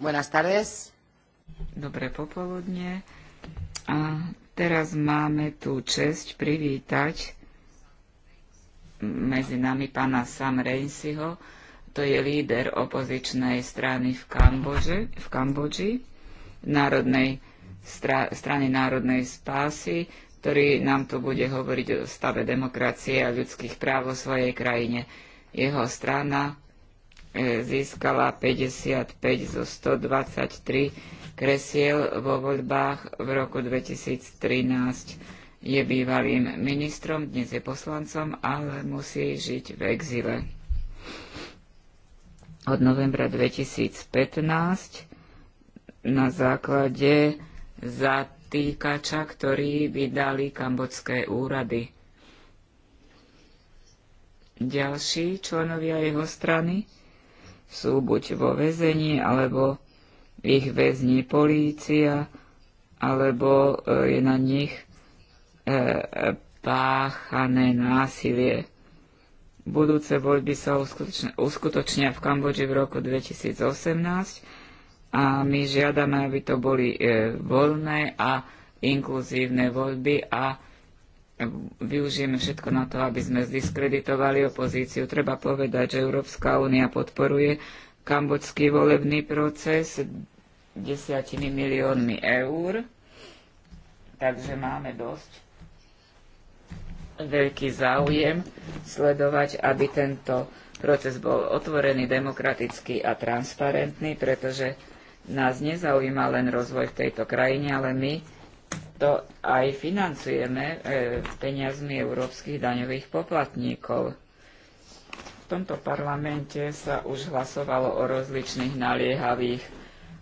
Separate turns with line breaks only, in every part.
Buenas tardes. Dobré popoludne. A teraz máme tú česť privítať medzi nami pána Sam Reinsiho, to je líder opozičnej strany v, Kambože, v Kambodži, národnej stra, strany národnej spásy, ktorý nám tu bude hovoriť o stave demokracie a ľudských práv vo svojej krajine. Jeho strana E, získala 55 zo 123 kresiel vo voľbách v roku 2013. Je bývalým ministrom, dnes je poslancom, ale musí žiť v exile. Od novembra 2015 na základe zatýkača, ktorý vydali kambodské úrady. Ďalší členovia jeho strany sú buď vo väzení, alebo ich väzní polícia, alebo e, je na nich e, páchané násilie. Budúce voľby sa uskutočnia v Kambodži v roku 2018 a my žiadame, aby to boli e, voľné a inkluzívne voľby a využijeme všetko na to, aby sme zdiskreditovali opozíciu. Treba povedať, že Európska únia podporuje kambočský volebný proces desiatimi miliónmi eur, takže máme dosť veľký záujem sledovať, aby tento proces bol otvorený, demokratický a transparentný, pretože nás nezaujíma len rozvoj v tejto krajine, ale my to aj financujeme e, peniazmi európskych daňových poplatníkov. V tomto parlamente sa už hlasovalo o rozličných naliehavých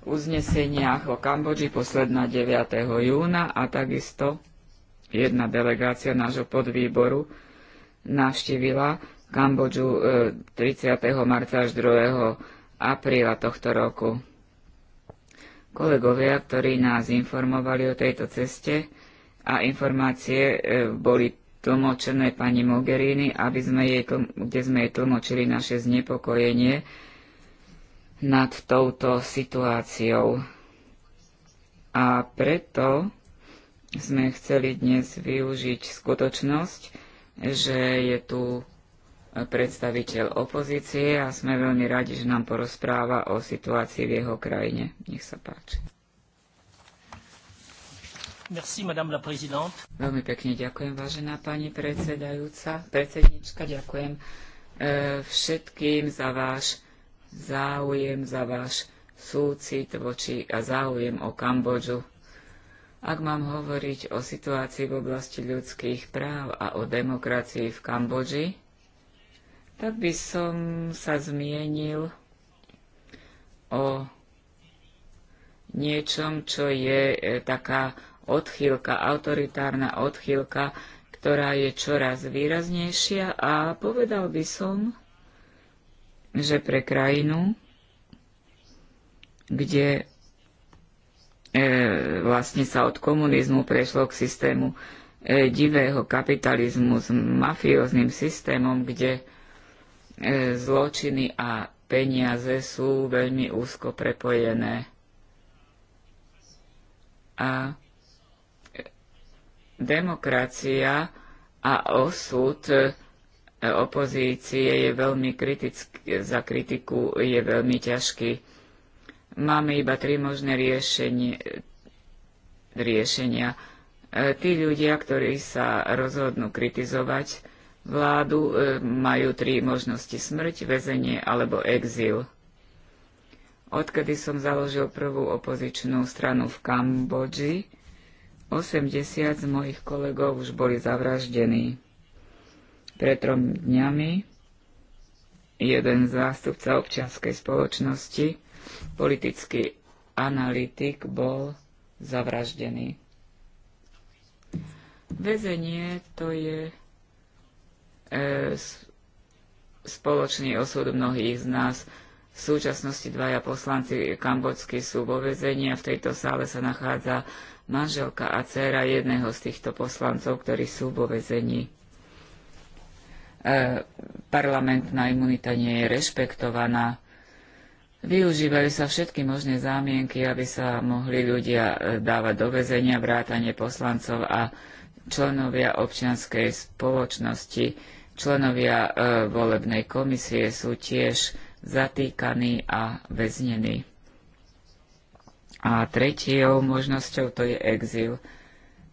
uzneseniach o Kambodži posledná 9. júna a takisto jedna delegácia nášho podvýboru navštívila Kambodžu 30. E, marca až 2. apríla tohto roku. Kolegovia, ktorí nás informovali o tejto ceste a informácie e, boli tlmočené pani Mogherini, aby sme jej, kde sme jej tlmočili naše znepokojenie nad touto situáciou. A preto sme chceli dnes využiť skutočnosť, že je tu predstaviteľ opozície a sme veľmi radi, že nám porozpráva o situácii v jeho krajine. Nech sa páči.
Merci, madame la présidente.
Veľmi pekne ďakujem, vážená pani predsedajúca, predsednička, ďakujem e, všetkým za váš záujem, za váš súcit voči a záujem o Kambodžu. Ak mám hovoriť o situácii v oblasti ľudských práv a o demokracii v Kambodži, tak by som sa zmienil o niečom, čo je e, taká odchýlka, autoritárna odchýlka, ktorá je čoraz výraznejšia a povedal by som, že pre krajinu, kde e, vlastne sa od komunizmu prešlo k systému e, divého kapitalizmu s mafióznym systémom, kde E, zločiny a peniaze sú veľmi úzko prepojené. A demokracia a osud e, opozície je veľmi kritický, za kritiku je veľmi ťažký. Máme iba tri možné riešenie, riešenia. E, tí ľudia, ktorí sa rozhodnú kritizovať, vládu, e, majú tri možnosti smrť, väzenie alebo exil. Odkedy som založil prvú opozičnú stranu v Kambodži, 80 z mojich kolegov už boli zavraždení. Pred trom dňami jeden zástupca občianskej spoločnosti, politický analytik, bol zavraždený. Vezenie to je E, spoločný osud mnohých z nás. V súčasnosti dvaja poslanci kambodsky sú vo vezení a v tejto sále sa nachádza manželka a dcéra jedného z týchto poslancov, ktorí sú vo vezení. E, parlamentná imunita nie je rešpektovaná. Využívajú sa všetky možné zámienky, aby sa mohli ľudia e, dávať do vezenia, vrátanie poslancov a členovia občianskej spoločnosti Členovia e, volebnej komisie sú tiež zatýkaní a väznení. A tretiou možnosťou to je exil.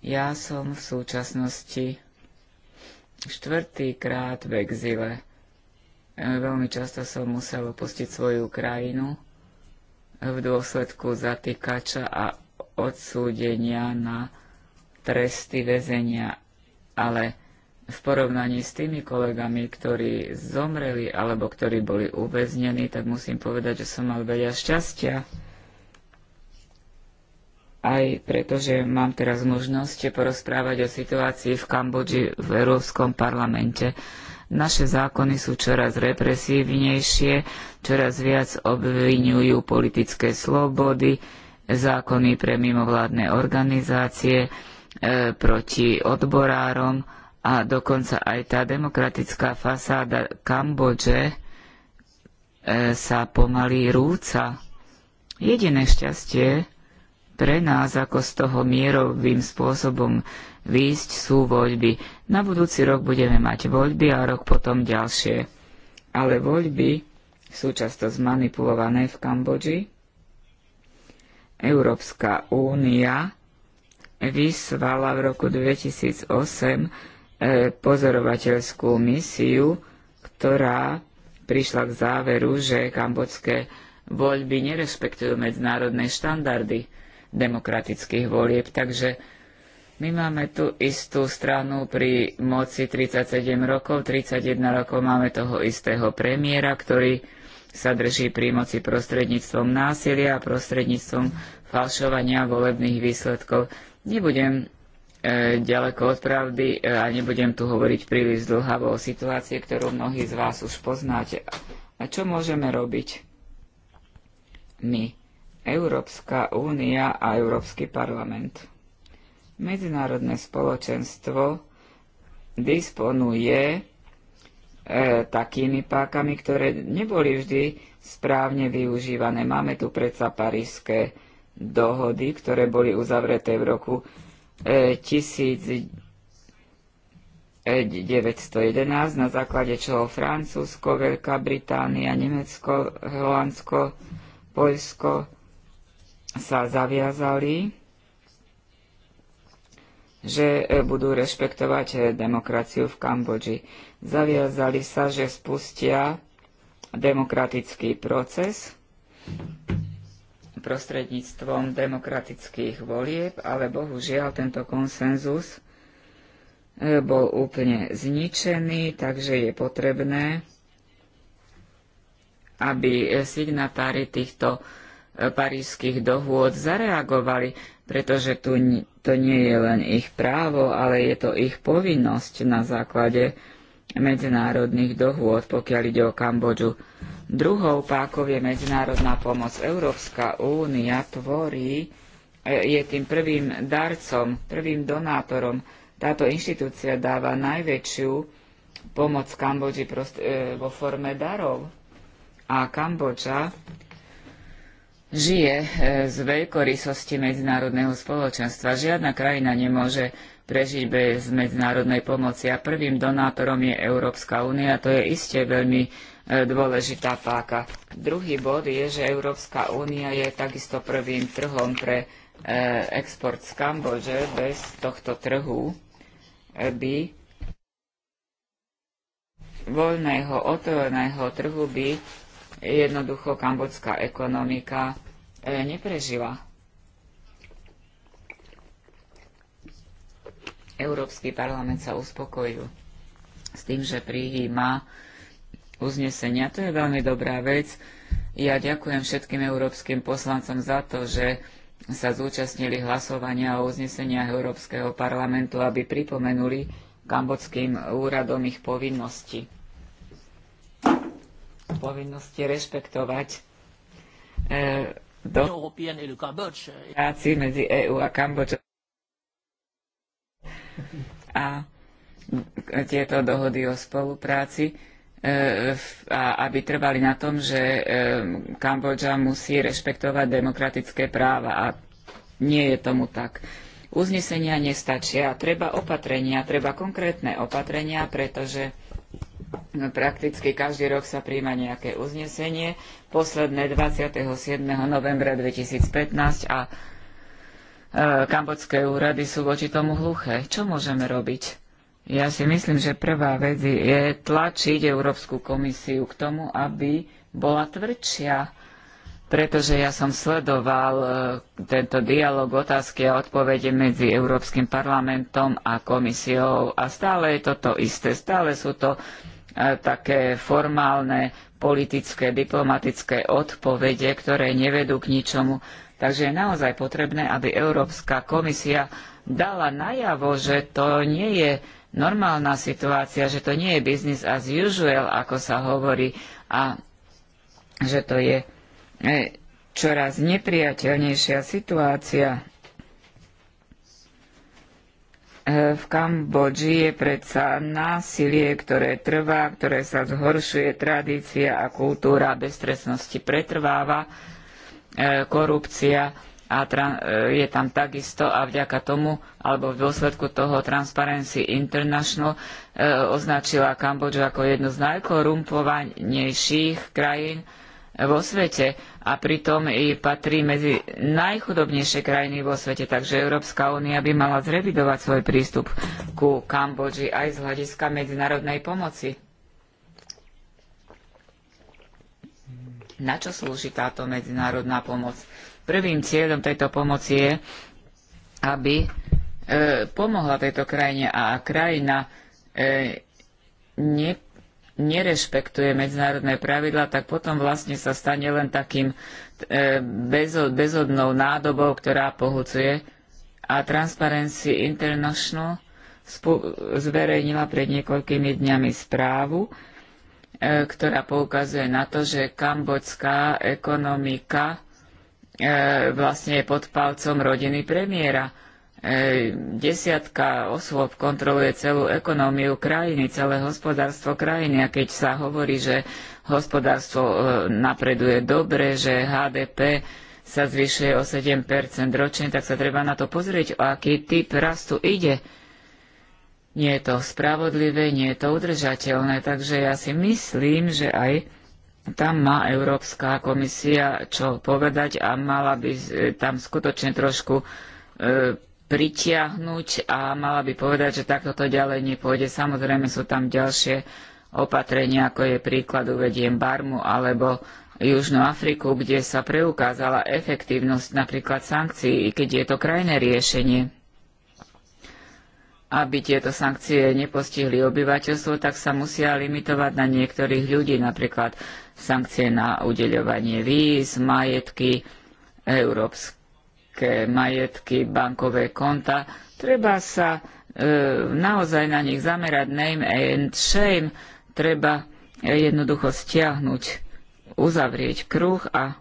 Ja som v súčasnosti štvrtýkrát v exile. E, veľmi často som musel opustiť svoju krajinu v dôsledku zatýkača a odsúdenia na tresty väzenia, ale v porovnaní s tými kolegami, ktorí zomreli alebo ktorí boli uväznení, tak musím povedať, že som mal veľa šťastia. Aj pretože mám teraz možnosť porozprávať o situácii v Kambodži v Európskom parlamente. Naše zákony sú čoraz represívnejšie, čoraz viac obvinujú politické slobody, zákony pre mimovládne organizácie, e, proti odborárom, a dokonca aj tá demokratická fasáda Kambodže e, sa pomaly rúca. Jediné šťastie pre nás, ako z toho mierovým spôsobom výjsť, sú voľby. Na budúci rok budeme mať voľby a rok potom ďalšie. Ale voľby sú často zmanipulované v Kambodži. Európska únia vysvala v roku 2008 E, pozorovateľskú misiu, ktorá prišla k záveru, že kambodské voľby nerespektujú medzinárodné štandardy demokratických volieb. Takže my máme tu istú stranu pri moci 37 rokov, 31 rokov máme toho istého premiéra, ktorý sa drží pri moci prostredníctvom násilia a prostredníctvom falšovania volebných výsledkov. Nebudem E, ďaleko od pravdy e, a nebudem tu hovoriť príliš dlhavo o situácii, ktorú mnohí z vás už poznáte. A čo môžeme robiť? My, Európska únia a Európsky parlament. Medzinárodné spoločenstvo disponuje e, takými pákami, ktoré neboli vždy správne využívané. Máme tu predsa parížské dohody, ktoré boli uzavreté v roku 1911, na základe čoho Francúzsko, Veľká Británia, Nemecko, Holandsko, Poľsko sa zaviazali, že budú rešpektovať demokraciu v Kambodži. Zaviazali sa, že spustia demokratický proces prostredníctvom demokratických volieb, ale bohužiaľ tento konsenzus e, bol úplne zničený, takže je potrebné, aby signatári týchto e, parížských dohôd zareagovali, pretože tu to nie je len ich právo, ale je to ich povinnosť na základe medzinárodných dohôd, pokiaľ ide o Kambodžu. Druhou pákov je medzinárodná pomoc. Európska únia tvorí, e, je tým prvým darcom, prvým donátorom. Táto inštitúcia dáva najväčšiu pomoc Kambodži prost, e, vo forme darov. A Kambodža žije e, z veľkorysosti medzinárodného spoločenstva. Žiadna krajina nemôže prežiť bez medzinárodnej pomoci. A prvým donátorom je Európska únia, to je iste veľmi e, dôležitá páka. Druhý bod je, že Európska únia je takisto prvým trhom pre e, export z Kambodže. Bez tohto trhu e, by voľného, otvoreného trhu by jednoducho kambodská ekonomika neprežila. Európsky parlament sa uspokojil s tým, že prijíma uznesenia. To je veľmi dobrá vec. Ja ďakujem všetkým európskym poslancom za to, že sa zúčastnili hlasovania o uzneseniach Európskeho parlamentu, aby pripomenuli kambodským úradom ich povinnosti. Povinnosti rešpektovať e, do práci medzi EÚ a Kambodžou a tieto dohody o spolupráci e, a aby trvali na tom, že e, Kambodža musí rešpektovať demokratické práva a nie je tomu tak. Uznesenia nestačia, treba opatrenia, treba konkrétne opatrenia, pretože no, prakticky každý rok sa príjma nejaké uznesenie. Posledné 27. novembra 2015 a E, kambodské úrady sú voči tomu hluché. Čo môžeme robiť? Ja si myslím, že prvá vec je tlačiť Európsku komisiu k tomu, aby bola tvrdšia, pretože ja som sledoval e, tento dialog otázky a odpovede medzi Európskym parlamentom a komisiou a stále je toto isté, stále sú to e, také formálne politické, diplomatické odpovede, ktoré nevedú k ničomu. Takže je naozaj potrebné, aby Európska komisia dala najavo, že to nie je normálna situácia, že to nie je business as usual, ako sa hovorí, a že to je e, čoraz nepriateľnejšia situácia. E, v Kambodži je predsa násilie, ktoré trvá, ktoré sa zhoršuje, tradícia a kultúra beztresnosti pretrváva E, korupcia a e, je tam takisto a vďaka tomu, alebo v dôsledku toho Transparency International e, označila Kambodžu ako jednu z najkorumpovanejších krajín vo svete a pritom i patrí medzi najchudobnejšie krajiny vo svete, takže Európska únia by mala zrevidovať svoj prístup ku Kambodži aj z hľadiska medzinárodnej pomoci. Na čo slúži táto medzinárodná pomoc? Prvým cieľom tejto pomoci je, aby e, pomohla tejto krajine a krajina e, ne, nerešpektuje medzinárodné pravidla, tak potom vlastne sa stane len takým e, bezodnou nádobou, ktorá pohúcuje. A Transparency International zverejnila pred niekoľkými dňami správu, E, ktorá poukazuje na to, že kambodská ekonomika e, vlastne je pod palcom rodiny premiéra. E, desiatka osôb kontroluje celú ekonómiu krajiny, celé hospodárstvo krajiny a keď sa hovorí, že hospodárstvo napreduje dobre, že HDP sa zvyšuje o 7% ročne, tak sa treba na to pozrieť, o aký typ rastu ide nie je to spravodlivé, nie je to udržateľné, takže ja si myslím, že aj tam má Európska komisia čo povedať a mala by tam skutočne trošku e, pritiahnuť a mala by povedať, že takto to ďalej nepôjde. Samozrejme sú tam ďalšie opatrenia, ako je príklad uvediem Barmu alebo Južnú Afriku, kde sa preukázala efektívnosť napríklad sankcií, keď je to krajné riešenie aby tieto sankcie nepostihli obyvateľstvo, tak sa musia limitovať na niektorých ľudí, napríklad sankcie na udeľovanie víz, majetky, európske majetky, bankové konta. Treba sa e, naozaj na nich zamerať name and shame, treba jednoducho stiahnuť, uzavrieť kruh a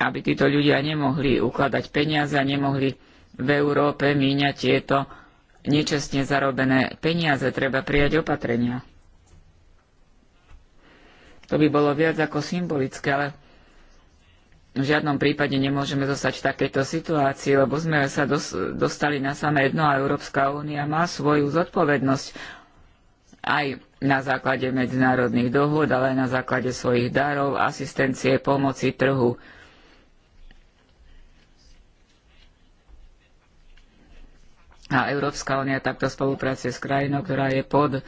aby títo ľudia nemohli ukladať peniaze a nemohli v Európe míňa tieto nečestne zarobené peniaze. Treba prijať opatrenia. To by bolo viac ako symbolické, ale v žiadnom prípade nemôžeme zostať v takejto situácii, lebo sme sa dos dostali na samé dno a Európska únia má svoju zodpovednosť aj na základe medzinárodných dohôd, ale aj na základe svojich darov, asistencie, pomoci trhu. A Európska únia takto spolupracuje s krajinou, ktorá je pod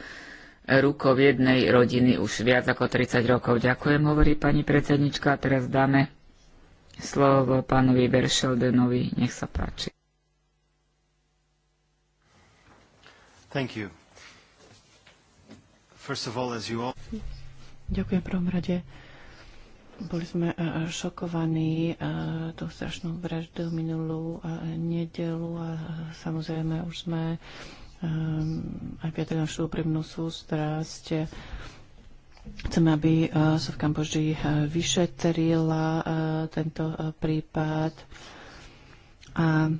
rukou jednej rodiny už viac ako 30 rokov. Ďakujem, hovorí pani predsednička. A teraz dáme slovo pánovi Beršeldenovi. Nech sa páči.
Thank you. First of all, as you all...
Ďakujem prvom rade. Boli sme e, šokovaní e, tou strašnou vraždou minulú e, nedelu a samozrejme už sme aj vyjadrili našu úprimnú sústrasť. Chceme, aby sa v Kamboži vyšetrila tento prípad a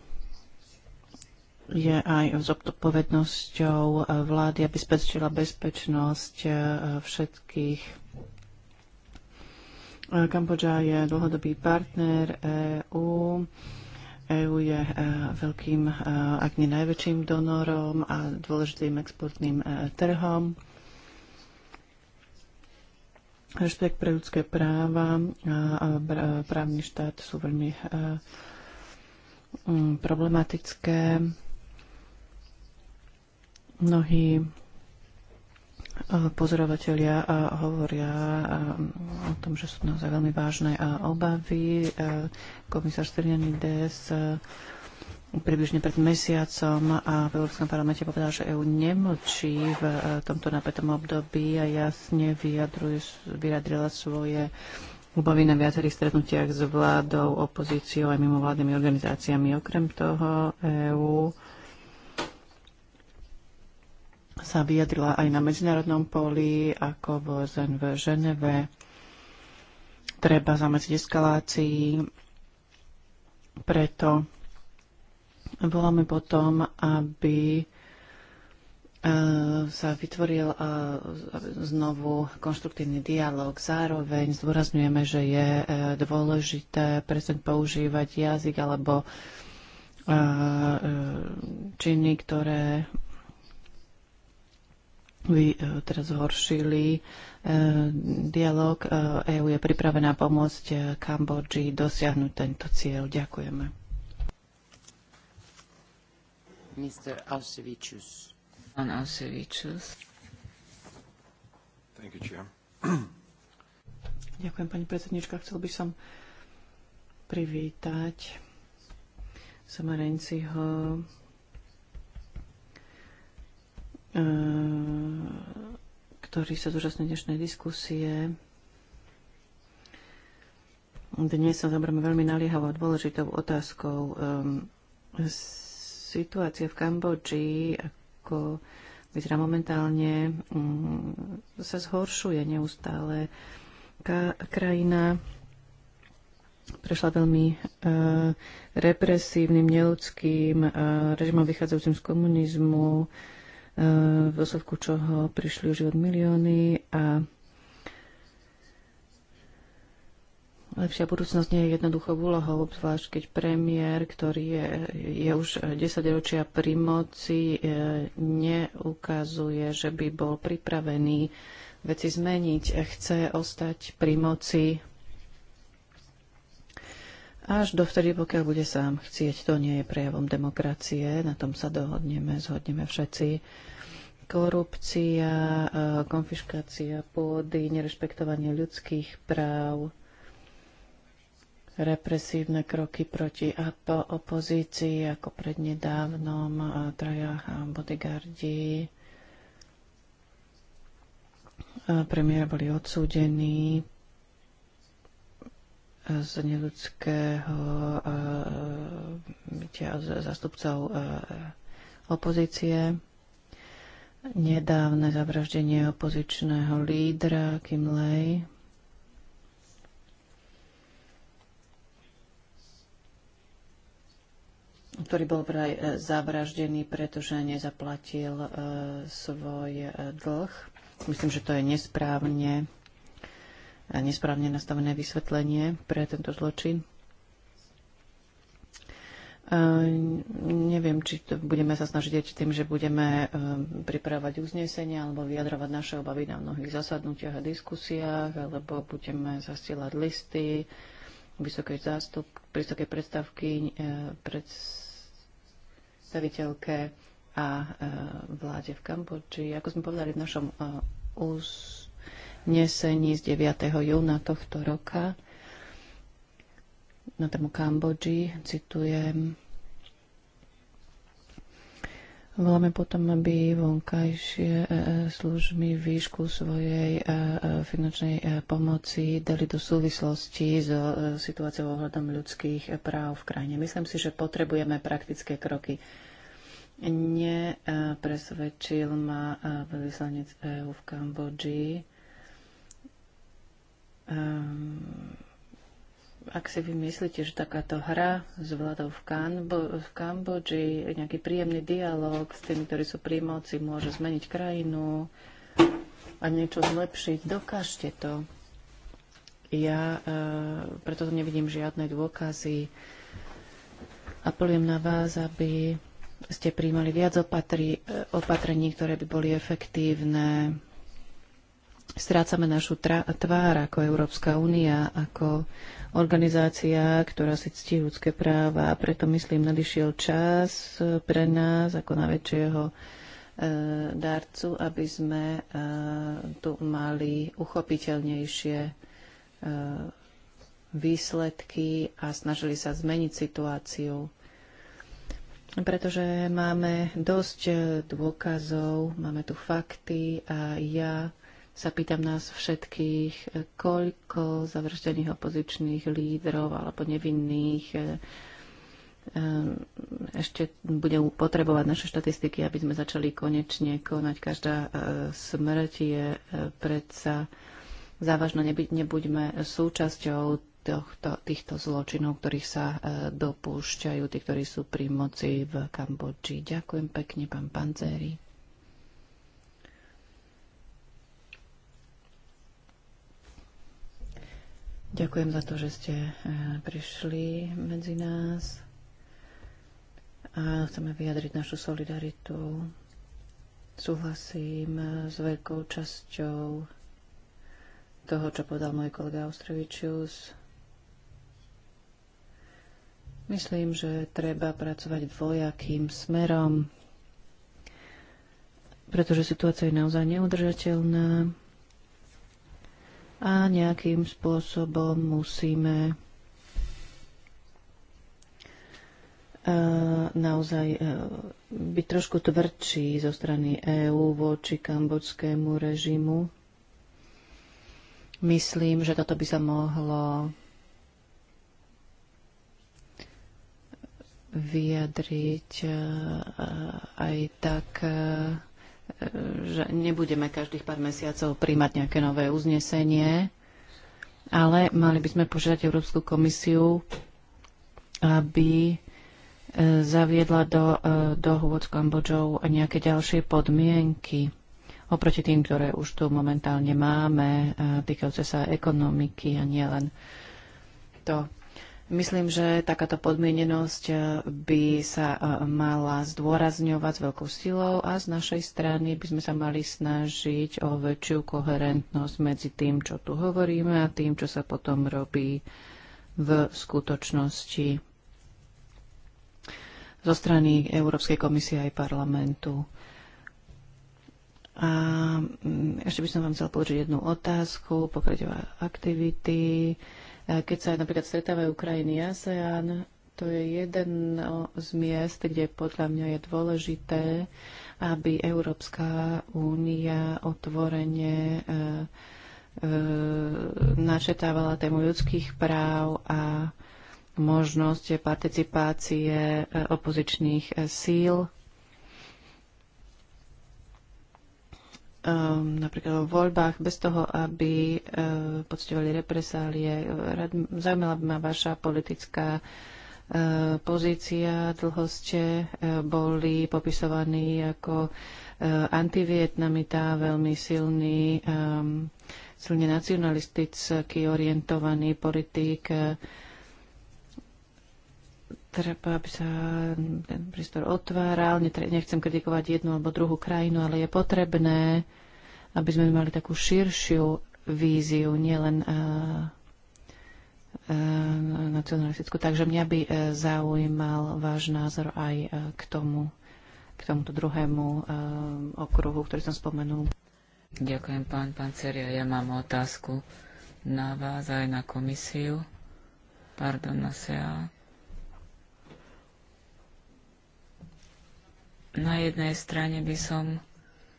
je aj s odpovednosťou vlády, aby spečila bezpečnosť všetkých Kambodža je dlhodobý partner EÚ. EÚ je e, veľkým, e, ak nie najväčším donorom a dôležitým exportným e, trhom. Rešpekt pre ľudské práva a právny štát sú veľmi problematické. Mnohí pozorovatelia hovoria mm, o tom, že sú naozaj veľmi vážne obavy. Komisár DS približne pred mesiacom a v Európskom parlamente povedal, že EÚ nemlčí v tomto napätom období a jasne vyjadrila svoje obavy na viacerých stretnutiach s vládou, opozíciou aj mimovládnymi organizáciami. Okrem toho EÚ sa vyjadrila aj na medzinárodnom poli, ako v OSN v Ženeve. Treba zamedziť eskalácii, preto voláme potom, aby e, sa vytvoril e, znovu konštruktívny dialog. Zároveň zdôrazňujeme, že je e, dôležité presne používať jazyk alebo činy, ktoré vy e, teraz zhoršili e, dialog. EÚ e je pripravená pomôcť Kambodži dosiahnuť tento cieľ. Ďakujeme. Mr. Pán Thank you, Chair. Ďakujem, pani predsednička. Chcel by som privítať ho. Eh, ktorý sa zúčastní dnešnej diskusie. Dnes sa zabrame veľmi naliehavou a dôležitou otázkou. Ehm, situácia v Kambodži, ako vyzerá momentálne, mm, sa zhoršuje neustále. Krajina prešla veľmi eh, represívnym, neludským eh, režimom vychádzajúcim z komunizmu v dôsledku čoho prišli o život milióny a Lepšia budúcnosť nie je jednoduchou úlohou, obzvlášť keď premiér, ktorý je, je už 10 ročia pri moci, e, neukazuje, že by bol pripravený veci zmeniť. Chce ostať pri moci až dovtedy, pokiaľ bude sám chcieť, to nie je prejavom demokracie, na tom sa dohodneme, zhodneme všetci. Korupcia, e, konfiškácia pôdy, nerešpektovanie ľudských práv, represívne kroky proti opozícii, ako prednedávnom e, traja e, bodyguardi premiéra boli odsúdení z neludského bytia eh, zástupcov eh, opozície. Nedávne zavraždenie opozičného lídra Kim Lej ktorý bol vraj eh, zavraždený, pretože nezaplatil svoj dlh. Myslím, že to je nesprávne nesprávne nastavené vysvetlenie pre tento zločin. Neviem, či to budeme sa snažiť tým, že budeme e, pripravať uznesenia alebo vyjadrovať naše obavy na mnohých zasadnutiach a diskusiách, alebo budeme zasielať listy vysokej zástup, vysokej predstavky, e, predstaviteľke a e, vláde v Kambodži. Ako sme povedali v našom ús uznesení z 9. júna tohto roka na tému Kambodži, citujem, Voláme potom, aby vonkajšie e, e, služby výšku svojej e, finančnej pomoci dali do súvislosti so situáciou ohľadom ľudských práv v krajine. Myslím si, že potrebujeme praktické kroky. Nepresvedčil ma vyslanec EU v Kambodži Um, ak si vy myslíte, že takáto hra s vládou v, Kambo- v Kambodži, nejaký príjemný dialog s tými, ktorí sú pri moci, môže zmeniť krajinu a niečo zlepšiť, dokážte to. Ja e, preto tu nevidím žiadne dôkazy. Apelujem na vás, aby ste príjmali viac opatri, opatrení, ktoré by boli efektívne strácame našu tvár ako Európska únia, ako organizácia, ktorá si ctí ľudské práva. A preto, myslím, nadišiel čas pre nás ako najväčšieho e, darcu, aby sme e, tu mali uchopiteľnejšie e, výsledky a snažili sa zmeniť situáciu. Pretože máme dosť dôkazov, máme tu fakty a ja sa pýtam nás všetkých, koľko zavrždených opozičných lídrov alebo nevinných eh, eh, ešte bude potrebovať naše štatistiky, aby sme začali konečne konať. Každá eh, smrť je predsa závažná. Nebuďme súčasťou tohto, týchto zločinov, ktorých sa dopúšťajú tí, ktorí sú pri moci v Kambodži. Ďakujem pekne, pán Panzeri. Ďakujem za to, že ste e, prišli medzi nás a chceme vyjadriť našu solidaritu. Súhlasím e, s veľkou časťou toho, čo povedal môj kolega Ostrovičius. Myslím, že treba pracovať dvojakým smerom, pretože situácia je naozaj neudržateľná a nejakým spôsobom musíme eh, naozaj eh, byť trošku tvrdší zo strany EÚ voči kambočskému režimu. Myslím, že toto by sa mohlo vyjadriť eh, aj tak že nebudeme každých pár mesiacov príjmať nejaké nové uznesenie, ale mali by sme požiadať Európsku komisiu, aby e, zaviedla do e, dohovod s Kambodžou nejaké ďalšie podmienky oproti tým, ktoré už tu momentálne máme, e, týkajúce sa ekonomiky a nielen to. Myslím, že takáto podmienenosť eh, by sa eh, mala zdôrazňovať s veľkou silou a z našej strany by sme sa mali snažiť o väčšiu koherentnosť medzi tým, čo tu hovoríme a tým, čo sa potom robí v skutočnosti zo strany Európskej komisie aj parlamentu. A mm, ešte by som vám chcel položiť jednu otázku, pokračovať aktivity E, keď sa napríklad stretávajú krajiny ASEAN, to je jeden z miest, kde podľa mňa je dôležité, aby Európska únia otvorene e, e, načetávala tému ľudských práv a možnosť participácie opozičných síl um, napríklad o voľbách, bez toho, aby uh, poctivali represálie. Rad, zaujímala by ma vaša politická eh, pozícia. Dlho ste eh, boli popisovaní ako antivietnamita, veľmi silný, ehm, silne nacionalisticky orientovaný politik treba, aby sa ten prístor otváral. Nechcem kritikovať jednu alebo druhú krajinu, ale je potrebné, aby sme mali takú širšiu víziu, nielen eh, eh, nacionalistickú. Takže mňa by eh, zaujímal váš názor aj k tomu, k tomuto druhému okruhu, ktorý som spomenul. Ďakujem, pán
Panceria. Ja mám otázku na vás aj na komisiu. Pardon, na SEA. Na jednej strane by som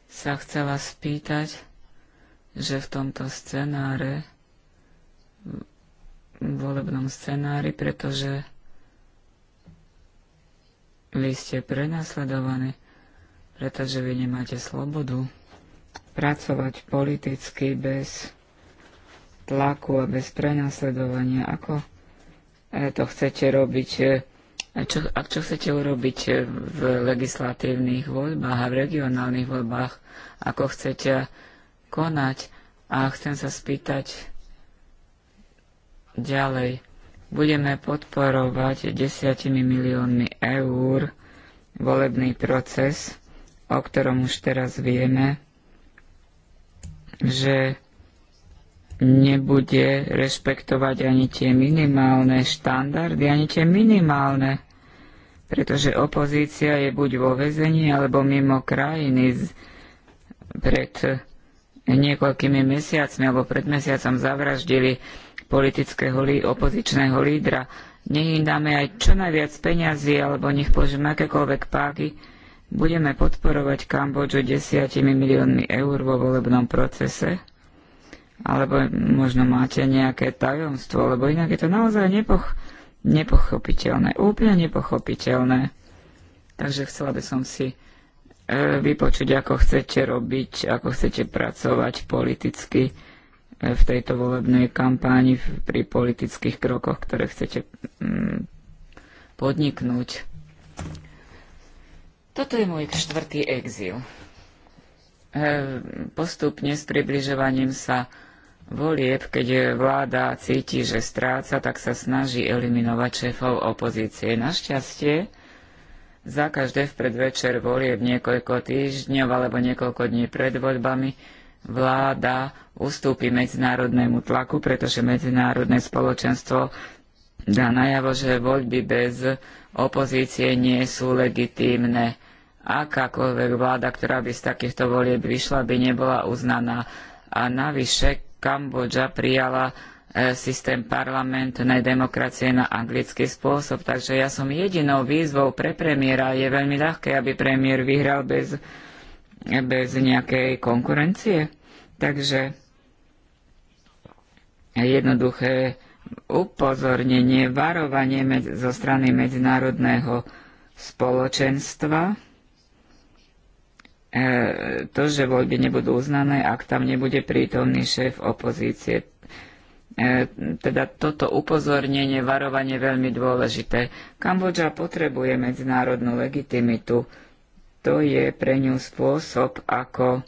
sa chcela spýtať, že v tomto scenáre, volebnom scenári, pretože vy ste prenasledovaní, pretože vy nemáte slobodu pracovať politicky bez tlaku a bez prenasledovania. Ako eh, to chcete robiť eh, čo, a čo chcete urobiť e, v legislatívnych voľbách a v regionálnych voľbách? Ako chcete konať? A chcem sa spýtať ďalej. Budeme podporovať desiatimi miliónmi eur volebný proces, o ktorom už teraz vieme, že nebude rešpektovať ani tie minimálne štandardy, ani tie minimálne pretože opozícia je buď vo väzení alebo mimo krajiny z, pred niekoľkými mesiacmi alebo pred mesiacom zavraždili politického lí, opozičného lídra. Nech im dáme aj čo najviac peňazí alebo nech požijeme akékoľvek páky. Budeme podporovať Kambodžu desiatimi miliónmi eur vo volebnom procese. Alebo možno máte nejaké tajomstvo, lebo inak je to naozaj nepoch nepochopiteľné, úplne nepochopiteľné. Takže chcela by som si e, vypočuť, ako chcete robiť, ako chcete pracovať politicky e, v tejto volebnej kampáni, pri politických krokoch, ktoré chcete mm, podniknúť. Toto je môj štvrtý exil. E, postupne s približovaním sa volieb, keď vláda cíti, že stráca, tak sa snaží eliminovať šéfov opozície. Našťastie, za každé v predvečer volieb niekoľko týždňov alebo niekoľko dní pred voľbami vláda ustúpi medzinárodnému tlaku, pretože medzinárodné spoločenstvo dá najavo, že voľby bez opozície nie sú legitímne. Akákoľvek vláda, ktorá by z takýchto volieb vyšla, by nebola uznaná. A navyše, Kambodža prijala e, systém parlamentnej demokracie na anglický spôsob. Takže ja som jedinou výzvou pre premiéra. Je veľmi ľahké, aby premiér vyhral bez, bez nejakej konkurencie. Takže jednoduché upozornenie, varovanie zo strany medzinárodného spoločenstva E, to, že voľby nebudú uznané, ak tam nebude prítomný šéf opozície. E, teda toto upozornenie, varovanie veľmi dôležité. Kambodža potrebuje medzinárodnú legitimitu. To je pre ňu spôsob, ako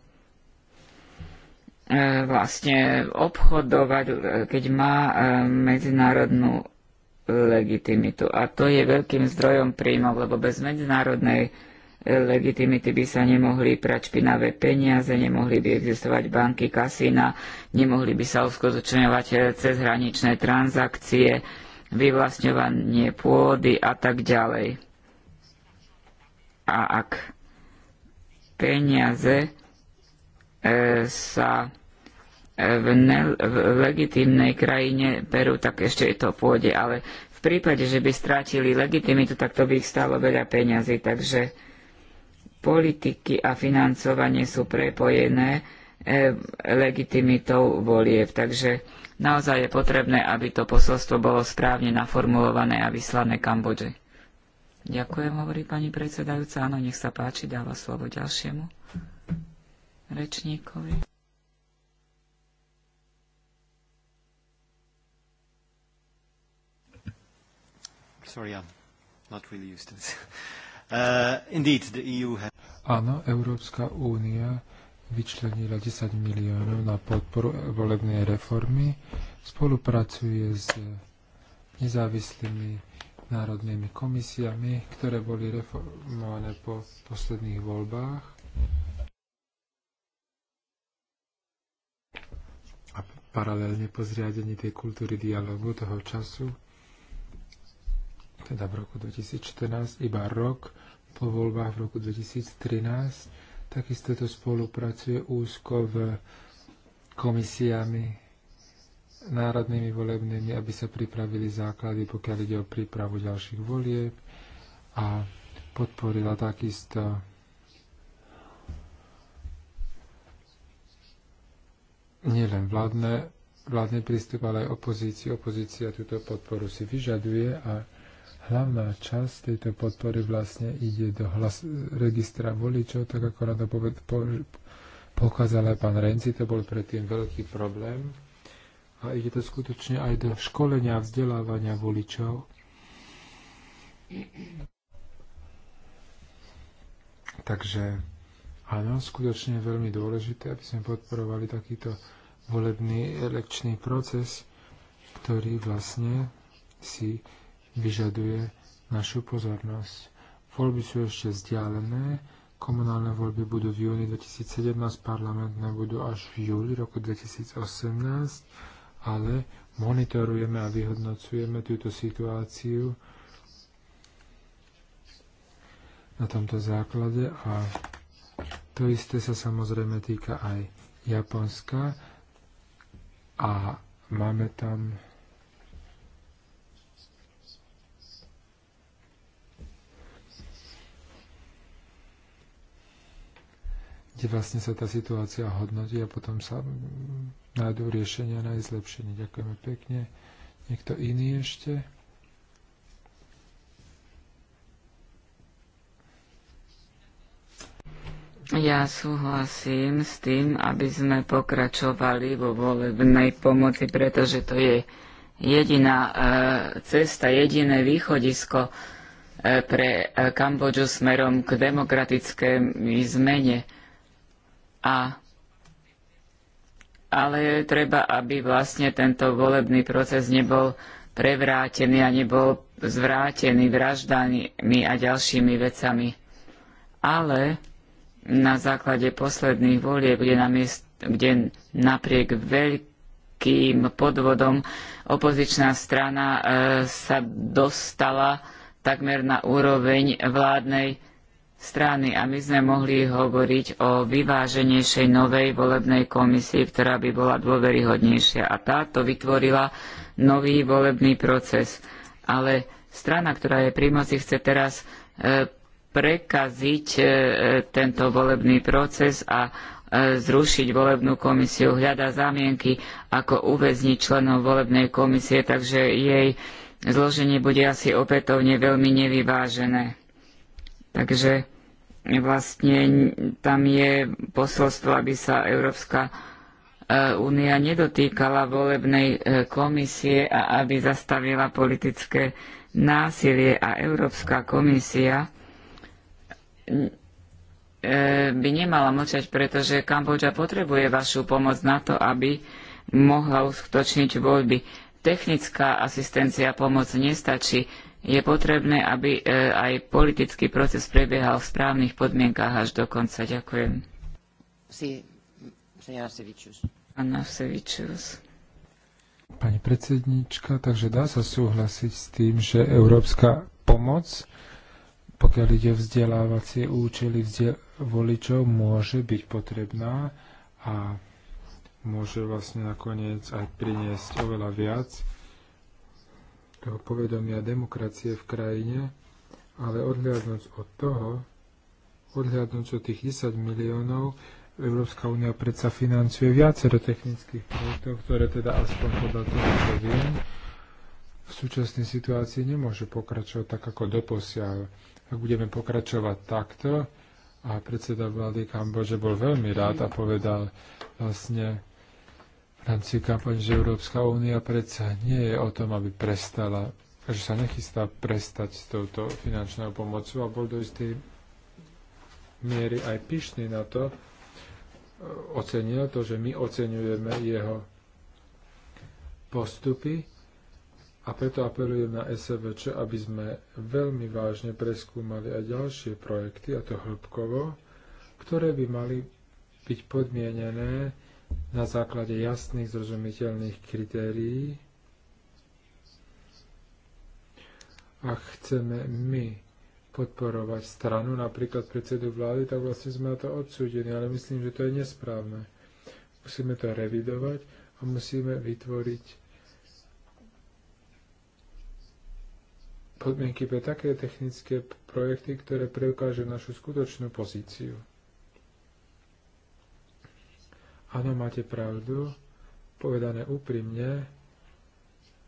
e, vlastne obchodovať, keď má medzinárodnú legitimitu. A to je veľkým zdrojom príjmov, lebo bez medzinárodnej legitimity by sa nemohli prať špinavé peniaze, nemohli by existovať banky, kasína, nemohli by sa uskutočňovať eh, cezhraničné transakcie, vyvlastňovanie pôdy a tak ďalej. A ak peniaze e, sa eh, v, ne, v legitímnej krajine perú, tak ešte to pôjde, ale v prípade, že by strátili legitimitu, tak to by ich stálo veľa peňazí, takže Politiky a financovanie sú prepojené e, legitimitou volieb, takže naozaj je potrebné, aby to posolstvo bolo správne naformulované a vyslané Kambodži. Ďakujem, hovorí pani predsedajúca. Áno, nech sa páči, dáva slovo ďalšiemu rečníkovi.
Sorry, I'm not really used to this. Eh, e Áno, Európska únia vyčlenila 10 miliónov na podporu volebnej reformy, spolupracuje s nezávislými národnými komisiami, ktoré boli reformované po posledných voľbách. A paralelne po zriadení tej kultúry dialogu toho času teda v roku 2014, iba rok po voľbách v roku 2013. Takisto to spolupracuje úzko v komisiami národnými volebnými, aby sa pripravili základy, pokiaľ ide o prípravu ďalších volieb a podporila takisto nielen vládne, vládny prístup, ale aj opozícii. Opozícia túto podporu si vyžaduje a hlavná časť tejto podpory vlastne ide do hlas, registra voličov, tak ako na to poved, po, pokázal aj pán Renzi, to bol predtým veľký problém. A ide to skutočne aj do školenia a vzdelávania voličov. Takže áno, skutočne je veľmi dôležité, aby sme podporovali takýto volebný elekčný proces, ktorý vlastne si vyžaduje našu pozornosť. Voľby sú ešte vzdialené, komunálne voľby budú v júni 2017, parlamentné budú až v júli roku 2018, ale monitorujeme a vyhodnocujeme túto situáciu na tomto základe a to isté sa samozrejme týka aj Japonska a máme tam kde vlastne sa tá situácia hodnotí a potom sa nájdú riešenia na jej zlepšenie. Ďakujeme pekne. Niekto iný ešte?
Ja súhlasím s tým, aby sme pokračovali vo volebnej pomoci, pretože to je jediná e, cesta, jediné východisko e, pre Kambodžu smerom k demokratickej zmene a, ale treba, aby vlastne tento volebný proces nebol prevrátený a nebol zvrátený vraždami a ďalšími vecami. Ale na základe posledných volieb, kde, na miest, kde napriek veľkým podvodom opozičná strana e, sa dostala takmer na úroveň vládnej strany a my sme mohli hovoriť o vyváženejšej novej volebnej komisii, ktorá by bola dôveryhodnejšia. A táto vytvorila nový volebný proces. Ale strana, ktorá je pri moci, chce teraz e, prekaziť e, tento volebný proces a e, zrušiť volebnú komisiu. Hľada zámienky, ako uväzniť členov volebnej komisie, takže jej zloženie bude asi opätovne veľmi nevyvážené. Takže vlastne tam je posolstvo, aby sa Európska e, únia nedotýkala volebnej e, komisie a aby zastavila politické násilie a Európska komisia e, by nemala mlčať, pretože Kambodža potrebuje vašu pomoc na to, aby mohla uskutočniť voľby technická asistencia a pomoc nestačí. Je potrebné, aby e, aj politický proces prebiehal v správnych podmienkách až do konca. Ďakujem.
Pani predsednička, takže dá sa súhlasiť s tým, že európska pomoc, pokiaľ ide o vzdelávacie účely voličov, môže byť potrebná a môže vlastne nakoniec aj priniesť oveľa viac toho povedomia demokracie v krajine, ale odhľadnúť od toho, odhľadnúť od tých 10 miliónov, Európska únia predsa financuje viacero technických projektov, ktoré teda aspoň podľa toho, čo viem, v súčasnej situácii nemôže pokračovať tak, ako doposiaľ. Ak budeme pokračovať takto, a predseda vlády Kambože bol veľmi rád a povedal vlastne, rámci kampaň, že Európska únia predsa nie je o tom, aby prestala, že sa nechystá prestať s touto finančnou pomocou a bol do istej miery aj pyšný na to, e, ocenil to, že my oceňujeme jeho postupy a preto apelujem na SVČ, aby sme veľmi vážne preskúmali aj ďalšie projekty, a to hĺbkovo, ktoré by mali byť podmienené na základe jasných, zrozumiteľných kritérií. a chceme my podporovať stranu, napríklad predsedu vlády, tak vlastne sme na to odsúdení, ale myslím, že to je nesprávne. Musíme to revidovať a musíme vytvoriť podmienky pre také technické projekty, ktoré preukážu našu skutočnú pozíciu. Áno, máte pravdu, povedané úprimne,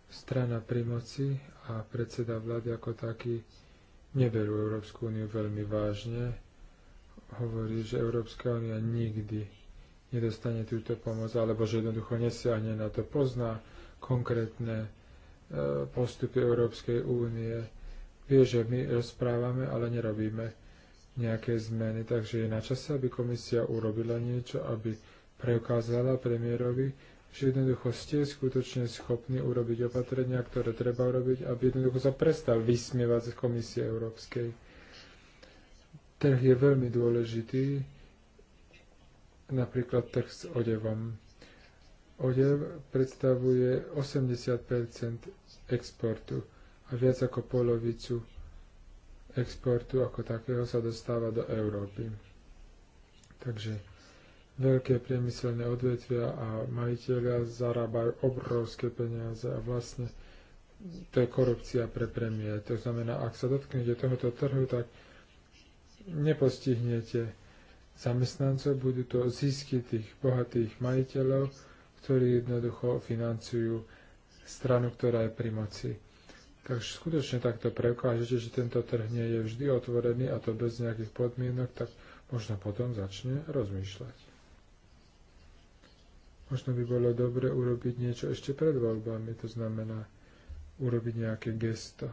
strana pri moci a predseda vlády ako taký neberú Európsku úniu veľmi vážne. Hovorí, že Európska únia nikdy nedostane túto pomoc, alebo že jednoducho nesiahne na to. Pozná konkrétne e, postupy Európskej únie. Vie, že my rozprávame, ale nerobíme nejaké zmeny, takže je na čase, aby komisia urobila niečo, aby preukázala premiérovi, že jednoducho ste skutočne schopní urobiť opatrenia, ktoré treba urobiť, aby jednoducho sa prestal vysmievať z Komisie Európskej. Trh je veľmi dôležitý, napríklad trh s odevom. Odev predstavuje 80 exportu a viac ako polovicu exportu ako takého sa dostáva do Európy. Takže veľké priemyselné odvetvia a majiteľia zarábajú obrovské peniaze a vlastne to je korupcia pre premiér. To znamená, ak sa dotknete tohoto trhu, tak nepostihnete zamestnancov, budú to zisky tých bohatých majiteľov, ktorí jednoducho financujú stranu, ktorá je pri moci. Takže skutočne takto preukážete, že tento trh nie je vždy otvorený a to bez nejakých podmienok, tak možno potom začne rozmýšľať. Možno by bolo dobre urobiť niečo ešte pred voľbami, to znamená urobiť nejaké gesto.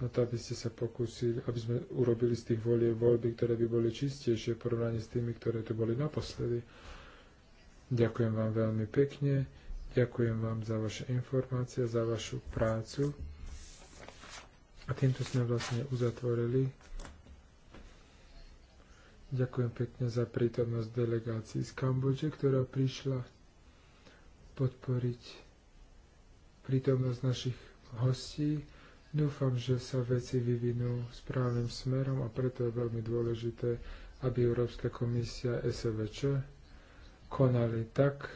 Na to, aby ste sa pokúsili, aby sme urobili z tých volieb voľby, ktoré by boli čistejšie v porovnaní s tými, ktoré tu boli naposledy. Ďakujem vám veľmi pekne, ďakujem vám za vaše informácie, za vašu prácu. A týmto sme vlastne uzatvorili Ďakujem pekne za prítomnosť delegácií z Kambodže, ktorá prišla podporiť prítomnosť našich hostí. Dúfam, že sa veci vyvinú správnym smerom a preto je veľmi dôležité, aby Európska komisia SVČ konali tak,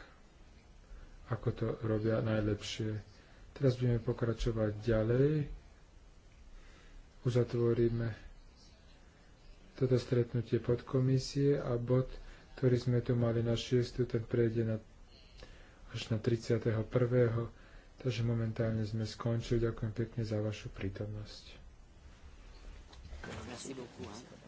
ako to robia najlepšie. Teraz budeme pokračovať ďalej. Uzatvoríme toto stretnutie podkomisie a bod, ktorý sme tu mali na 6, ten prejde na, až na 31. Takže momentálne sme skončili. Ďakujem pekne za vašu prítomnosť.
Merci beaucoup.